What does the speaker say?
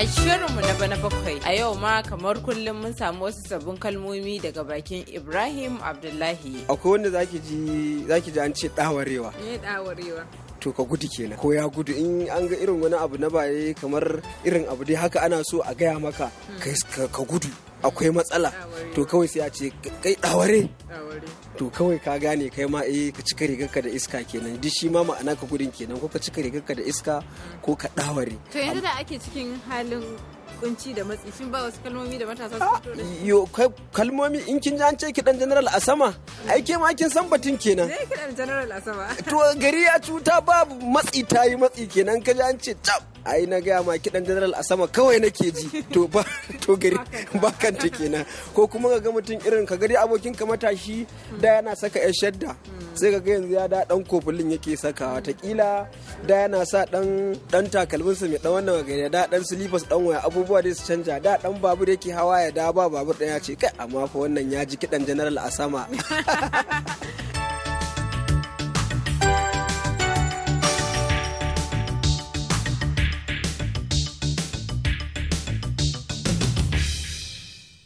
A shirinmu na bana bakwai a yau ma kamar kullum mun samu wasu sabbin kalmomi daga bakin Ibrahim Abdullahi. Akwai wanda zaki ji an ce ɗawarewa. Me ɗawarewa? to ka gudu kenan ko ya gudu in an ga irin wani abu na baye kamar irin abu dai haka ana so a gaya maka hmm. ka gudu akwai matsala to kawai sai a ce kai ɗaware to kawai ka gane kai ma eh ka cika rigarka da iska kenan duk shi ma ma'ana ka gudun kenan ko ka cika rigarka da iska ko ka ɗaware to yanzu da ake cikin halin kunci da matsi shin ba wasu kalmomi da matasa su fito da yo kalmomi in kin ji an ce dan general a sama ai ke ma kin san batun kenan ne dan general a sama to gari ya cuta babu matsi tayi matsi kenan ka ji an ce tab ai na gaya ma kidan general a sama kawai nake ji to ba to gari ba kanta kenan ko kuma ka ga mutum irin ka gari abokin ka matashi da yana saka yar shadda sai ka ga yanzu ya da dan kofulin yake saka watakila da yana sa dan dan takalmin sa mai dan wannan gari da dan silifas dan waya abubuwa dai su canja da dan babur yake hawa ya da ba babur dan ya ce kai amma fa wannan ya ji kidan general a sama